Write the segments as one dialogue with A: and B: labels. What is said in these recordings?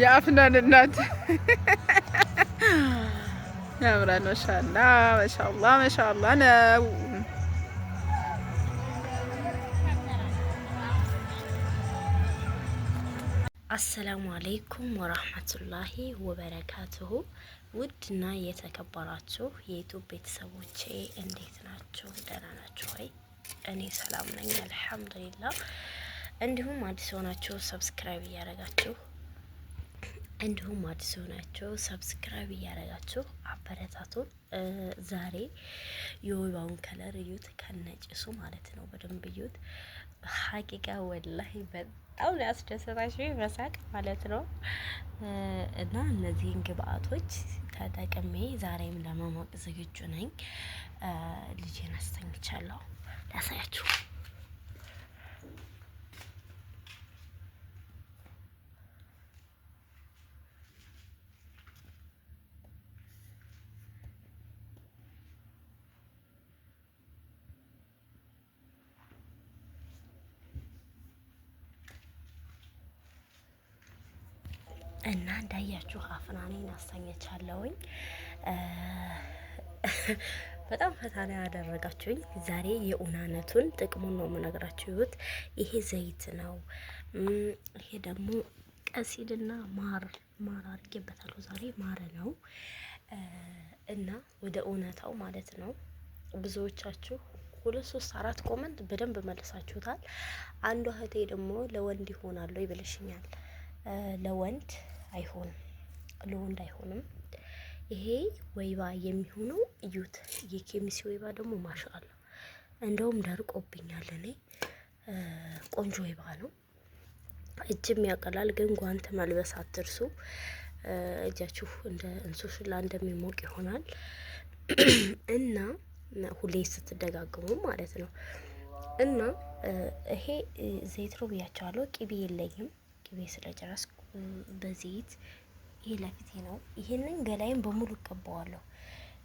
A: የአፍናን እናት ያምራል። መሻላ መሻላ መሻላ ነው። አሰላሙ አለይኩም ወራህመቱላሂ ወበረካቱሁ። ውድና የተከበራችሁ የኢትዮ ቤተሰቦቼ እንዴት ናችሁ? ደህና ናችሁ ወይ? እኔ ሰላም ነኝ አልሐምዱሊላ። እንዲሁም አዲስ ሆናችሁ ሰብስክራይብ እያደረጋችሁ እንዲሁም አዲስ ሆናችሁ ሰብስክራይብ እያደረጋችሁ አበረታቱ። ዛሬ የወይባውን ከለር እዩት፣ ከነጭሱ ማለት ነው። በደንብ እዩት። ሀቂቃ ወላሂ በጣም ነው ያስደሰታችሁ መሳቅ ማለት ነው። እና እነዚህን ግብአቶች ተጠቅሜ ዛሬም ለመሞቅ ዝግጁ ነኝ። ልጄን አስተኝቻለሁ። ላሳያችሁ እና እንዳያችሁ አፍናኔን አሳኘቻለሁኝ። በጣም ፈታና ያደረጋችሁኝ ዛሬ የኡናነቱን ጥቅሙን ነው የምነግራችሁት። ይሄ ዘይት ነው። ይሄ ደግሞ ቀሲልና ማር ማር አድርጌበታለሁ ዛሬ ማር ነው እና ወደ እውነታው ማለት ነው። ብዙዎቻችሁ ሁለት ሶስት አራት ኮመንት በደንብ መልሳችሁታል። አንዷ እህቴ ደግሞ ለወንድ ይሆናሉ ይብልሽኛል ለወንድ አይሆንም፣ ለወንድ አይሆንም። ይሄ ወይባ የሚሆነው እዩት። የኬሚሲ ወይባ ደግሞ ማሻአላ እንደውም ደርቆብኛል። እኔ ቆንጆ ወይባ ነው። እጅም ያቀላል፣ ግን ጓንት መልበስ አትርሱ። እጃችሁ እንደ እንሶሽላ እንደሚሞቅ ይሆናል እና ሁሌ ስትደጋግሙ ማለት ነው። እና ይሄ ዘይትሮ ነው ብያቸዋለሁ። ቂቤ የለኝም፣ ቂቤ ስለጨረስኩ በዘይት ይሄ ለፊቴ ነው። ይሄንን ገላይን በሙሉ እቀባዋለሁ።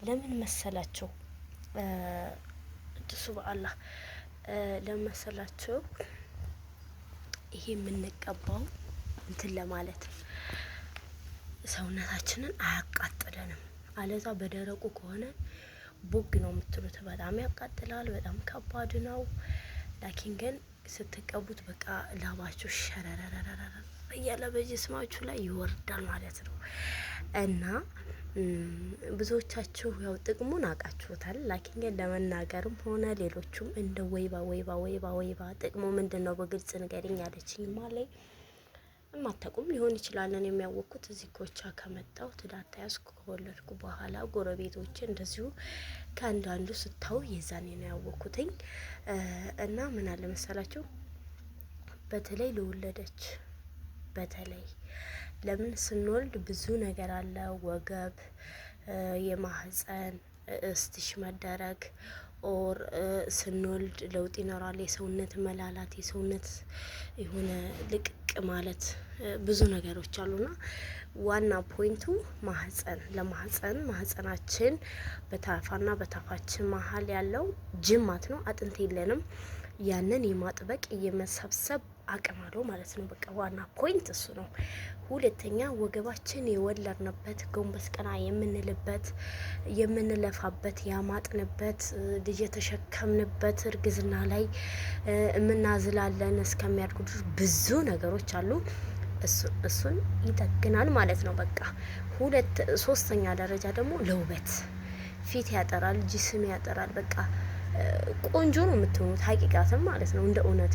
A: ለምን መሰላቸው? ሱብአላህ ለምን መሰላቸው? ይሄ የምንቀባው እንትን ለማለት ሰውነታችንን አያቃጥለንም። አለዛ በደረቁ ከሆነ ቦግ ነው የምትሉት። በጣም ያቃጥላል። በጣም ከባድ ነው። ላኪን ግን ስትቀቡት በቃ ላባችሁ ሸረረረረረ እያለ በጅስማችሁ ላይ ይወርዳል ማለት ነው እና ብዙዎቻችሁ ያው ጥቅሙን አውቃችሁታል። ላኪን ግን ለመናገርም ሆነ ሌሎቹም እንደ ወይባ ወይባ ወይባ ወይባ ጥቅሙ ምንድን ነው በግልጽ ንገሪኝ አለችኝ። ማለይ እማታውቁም ሊሆን ይችላለን። የሚያወቅኩት እዚህ ኮቻ ከመጣው ትዳር ተያዝኩ ከወለድኩ በኋላ ጎረቤቶች እንደዚሁ ከአንዳንዱ ስታው የዛኔ ነው ያወቅኩትኝ እና ምን አለ መሰላችሁ በተለይ ለወለደች በተለይ ለምን ስንወልድ ብዙ ነገር አለ። ወገብ፣ የማህፀን እስትሽ መደረግ ኦር ስንወልድ ለውጥ ይኖራል። የሰውነት መላላት፣ የሰውነት የሆነ ልቅቅ ማለት ብዙ ነገሮች አሉና ዋና ፖይንቱ ማህፀን ለማህፀን ማህፀናችን በታፋና በታፋችን መሀል ያለው ጅማት ነው። አጥንት የለንም። ያንን የማጥበቅ የመሰብሰብ አቅም አለው ማለት ነው። በቃ ዋና ፖይንት እሱ ነው። ሁለተኛ ወገባችን የወለድንበት ጎንበስ ቀና የምንልበት የምንለፋበት ያማጥንበት ልጅ የተሸከምንበት እርግዝና ላይ የምናዝላለን እስከሚያድጉ ብዙ ነገሮች አሉ። እሱን ይጠግናል ማለት ነው። በቃ ሁለት ሶስተኛ ደረጃ ደግሞ ለውበት ፊት ያጠራል፣ ጅስም ያጠራል። በቃ ቆንጆ ነው የምትሆኑት። ሀቂቃትም ማለት ነው እንደ እውነት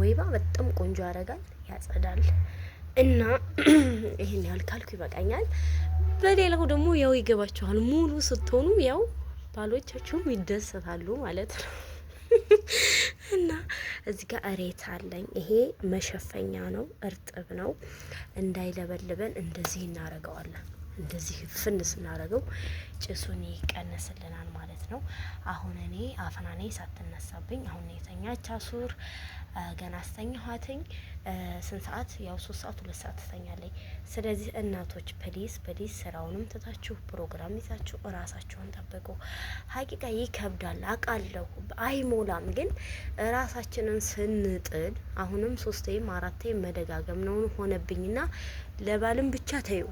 A: ወይባ በጣም ቆንጆ ያደርጋል፣ ያጸዳል። እና ይህን ያህል ካልኩ ይበቃኛል። በሌላው ደግሞ ያው ይገባችኋል። ሙሉ ስትሆኑ ያው ባሎቻችሁም ይደሰታሉ ማለት ነው። እና እዚህ ጋር እሬት አለኝ። ይሄ መሸፈኛ ነው፣ እርጥብ ነው። እንዳይለበልበን እንደዚህ እናደርገዋለን። እንደዚህ ፍን ስናደርገው ጭሱን ይቀንስልናል ማለት ነው። አሁን እኔ አፍናኔ ሳትነሳብኝ አሁን የተኛች አሱር ገና አስተኛኋትኝ። ስንት ሰዓት? ያው ሶስት ሰዓት ሁለት ሰዓት ትተኛለኝ። ስለዚህ እናቶች ፕሊስ ፕሊስ ስራውንም ትታችሁ ፕሮግራም ይዛችሁ እራሳችሁን ጠብቁ። ሀቂቃ ይከብዳል አቃለሁ፣ አይሞላም ግን ራሳችንን ስንጥል አሁንም ሶስቴም አራቴም መደጋገም ነው ሆነብኝና ለባልም ብቻ ተዩ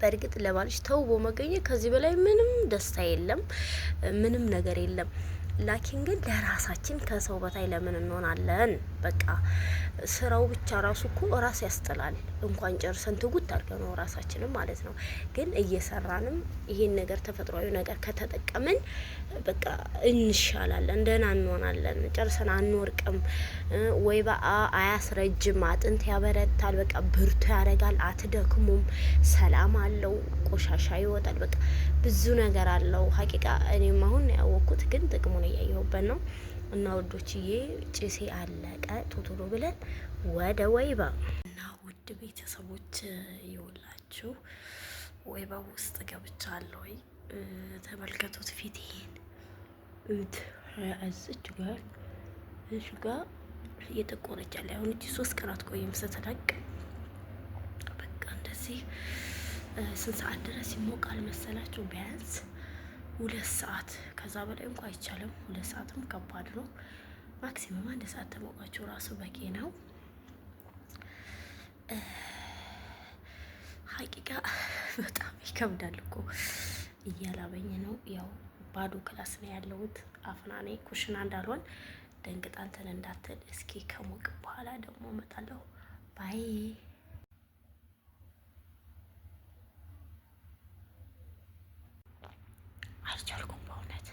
A: በእርግጥ ለባልሽ ተውቦ መገኘት ከዚህ በላይ ምንም ደስታ የለም፣ ምንም ነገር የለም። ላኪን ግን ለራሳችን ከሰው በታይ ለምን እንሆናለን? በቃ ስራው ብቻ ራሱ እኮ ራስ ያስጥላል። እንኳን ጨርሰን ትጉት አድርገ ነው ራሳችንም ማለት ነው። ግን እየሰራንም ይሄን ነገር ተፈጥሯዊ ነገር ከተጠቀምን በቃ እንሻላለን፣ ደህና እንሆናለን። ጨርሰን አንወርቅም። ወይ በአ አያስረጅም፣ አጥንት ያበረታል። በቃ ብርቱ ያደርጋል። አትደክሙም። ሰላም አለው። ቆሻሻ ይወጣል። በቃ ብዙ ነገር አለው። ሀቂቃ እኔም አሁን ያወቅኩት ግን ጥቅሙ እያየሁበት ነው። እና ውዶችዬ ጭሴ አለቀ። ቶቶሎ ብለን ወደ ወይባ እና ውድ ቤተሰቦች ይውላችሁ ወይባ ውስጥ ገብቻለሁ። ወይ ተመልከቱት እት እዚች ጋር እሽ ጋር እየጠቆረች ያለ አሁን እቺ ሶስት ቀናት ቆይም ስትለቅ በቃ እንደዚህ ስንት ሰዓት ድረስ ይሞቃል መሰላችሁ ቢያንስ ሁለት ሰዓት ከዛ በላይ እንኳ አይቻልም። ሁለት ሰዓትም ከባድ ነው። ማክሲመም አንድ ሰዓት ተሞቃችሁ ራሱ በቂ ነው። ሀቂቃ በጣም ይከብዳል እኮ እያላበኝ ነው። ያው ባዶ ክላስ ነው ያለሁት። አፍናኔ ኩሽና እንዳልሆን ደንግጣንተን እንዳትል። እስኪ ከሞቅ በኋላ ደግሞ እመጣለሁ ባይ አልቻልኩም በእውነት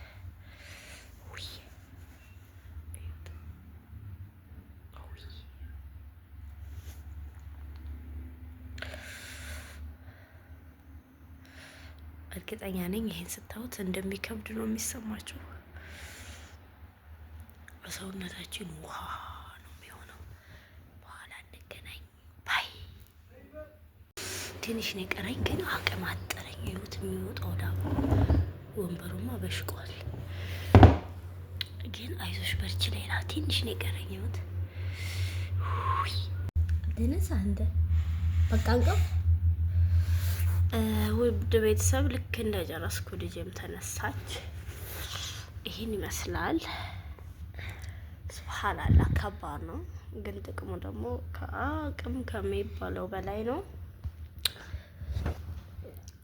A: እርግጠኛ ነኝ ይህን ስታዩት እንደሚከብድ ነው የሚሰማችሁ። በሰውነታችን ውሃ ነው የሚሆነው። በኋላ እንገናኝ ባይ። ትንሽ ነው የቀረኝ ግን አቅም አጠረኝ። ይሁት የሚወጣው ዳቦ ወንበሩማ በሽቋል። ግን አይዞሽ በርች ላይ ሌላ ትንሽ ነው የቀረኝ። ይኸውት ልነሳ እንደ በቃ እንቀው ውድ ቤተሰብ ልክ እንደጨረስኩ ልጅም ተነሳች። ይህን ይመስላል። ስብሓን አላ ከባድ ነው፣ ግን ጥቅሙ ደግሞ ከአቅም ከሚባለው በላይ ነው።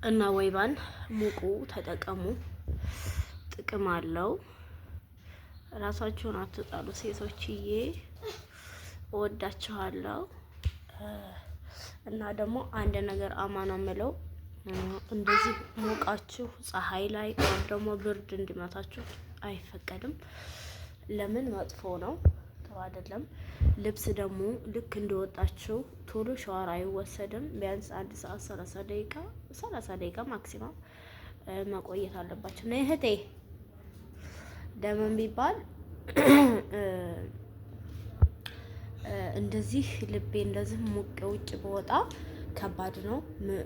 A: እና ወይባን ሙቁ፣ ተጠቀሙ። ጥቅም አለው። ራሳችሁን አትጣሉ ሴቶችዬ፣ እወዳችኋለሁ። እና ደግሞ አንድ ነገር አማና ምለው እንደዚህ ሙቃችሁ ፀሐይ ላይ ወይም ደግሞ ብርድ እንዲመታችሁ አይፈቀድም። ለምን መጥፎ ነው። ጥሩ አይደለም። ልብስ ደግሞ ልክ እንደወጣችው ቶሎ ሸዋር አይወሰድም። ቢያንስ አንድ ሰዓት ሰላሳ ደቂቃ ሰላሳ ደቂቃ ማክሲማም መቆየት አለባቸው። ና እህቴ ደመን ቢባል እንደዚህ ልቤ እንደዚህ ሙቅ ውጭ በወጣ ከባድ ነው።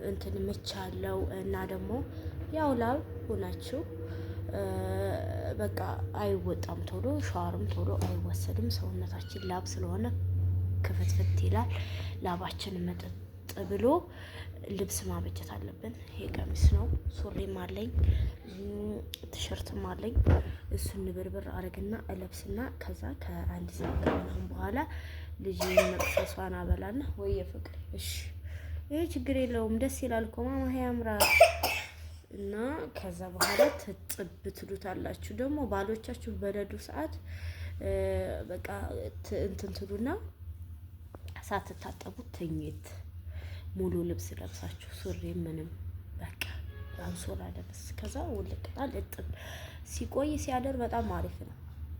A: እንትን ምቻለው እና ደግሞ ያው ላብ ሁናችሁ በቃ አይወጣም ቶሎ ሸዋርም ቶሎ አይወሰድም። ሰውነታችን ላብ ስለሆነ ክፍትፍት ይላል። ላባችን መጠጥ ብሎ ልብስ ማበጀት አለብን። ይሄ ቀሚስ ነው፣ ሱሪም አለኝ፣ ቲሸርትም አለኝ። እሱን ንብርብር አድርግና እለብስና ከዛ ከአንድ ሰዓት በኋላ ልጅ መቅሰሷን አበላና ወይ እሺ፣ ይሄ ችግር የለውም ደስ ይላል እኮ ማማ ያምራል። እና ከዛ በኋላ ትጥብ ትሉታላችሁ። ደግሞ ባሎቻችሁ በረዱ ሰዓት በቃ እንትን ትሉና ሳትታጠቡ ትኝት ሙሉ ልብስ ለብሳችሁ ሱሪ ምንም በቃ አንሶላ ለብስ ከዛ ውልቅጣል እጥብ ሲቆይ ሲያደር በጣም አሪፍ ነው።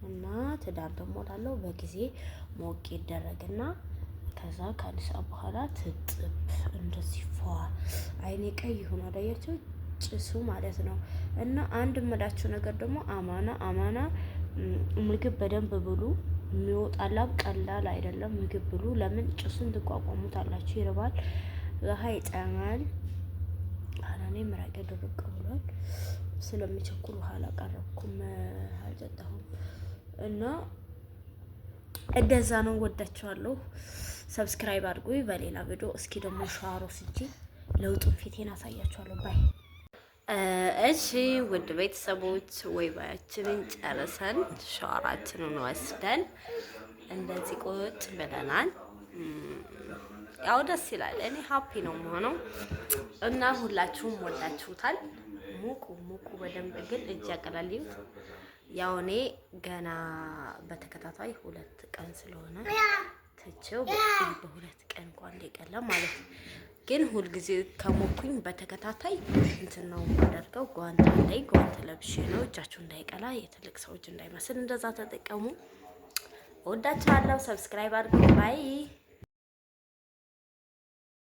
A: እና ትዳር ደግሞ ላለው በጊዜ ሞቅ ይደረግና ከዛ ከአዲስ በኋላ ትጥብ እንደዚህ ፏ አይኔ ቀይ ይሆናል አያቸው ጭሱ ማለት ነው። እና አንድ የምላችሁ ነገር ደግሞ አማና አማና ምግብ በደንብ ብሉ። የሚወጣላም ቀላል አይደለም። ምግብ ብሉ። ለምን ጭሱን ትቋቋሙታላችሁ። ይርባል፣ ረሀ ይጠማል። አላኔ ምራቅ ድርቅ ብሏል። ስለሚቸኩል ውሃ አላቀረብኩም፣ አልጠጣሁም እና እንደዛ ነው። ወዳችኋለሁ። ሰብስክራይብ አድርጉ። በሌላ ቪዲዮ እስኪ ደግሞ ሸዋሮ ስጂ ለውጡን ፊቴን አሳያችኋለሁ። ባይ እሺ ውድ ቤተሰቦች ወይ ባያችንን ጨርሰን ሸዋራችንን ወስደን እንደዚህ ቁጭ ብለናል። ያው ደስ ይላል። እኔ ሀፒ ነው የምሆነው እና ሁላችሁም ወዳችሁታል። ሙቁ ሙቁ በደንብ ግን እጅ ያቀላልዩት። ያው እኔ ገና በተከታታይ ሁለት ቀን ስለሆነ ትቼው በሁለት ቀን እንኳን እንደቀለ ማለት ነው ግን ሁልጊዜ ከሞኩኝ በተከታታይ እንትን ነው የማደርገው። ጓንት ላይ ጓንት ለብሼ ነው። እጃችሁ እንዳይቀላ የትልቅ ሰው እጅ እንዳይመስል እንደዛ ተጠቀሙ። ወዳችኋለሁ። ሰብስክራይብ አድርጉ። ባይ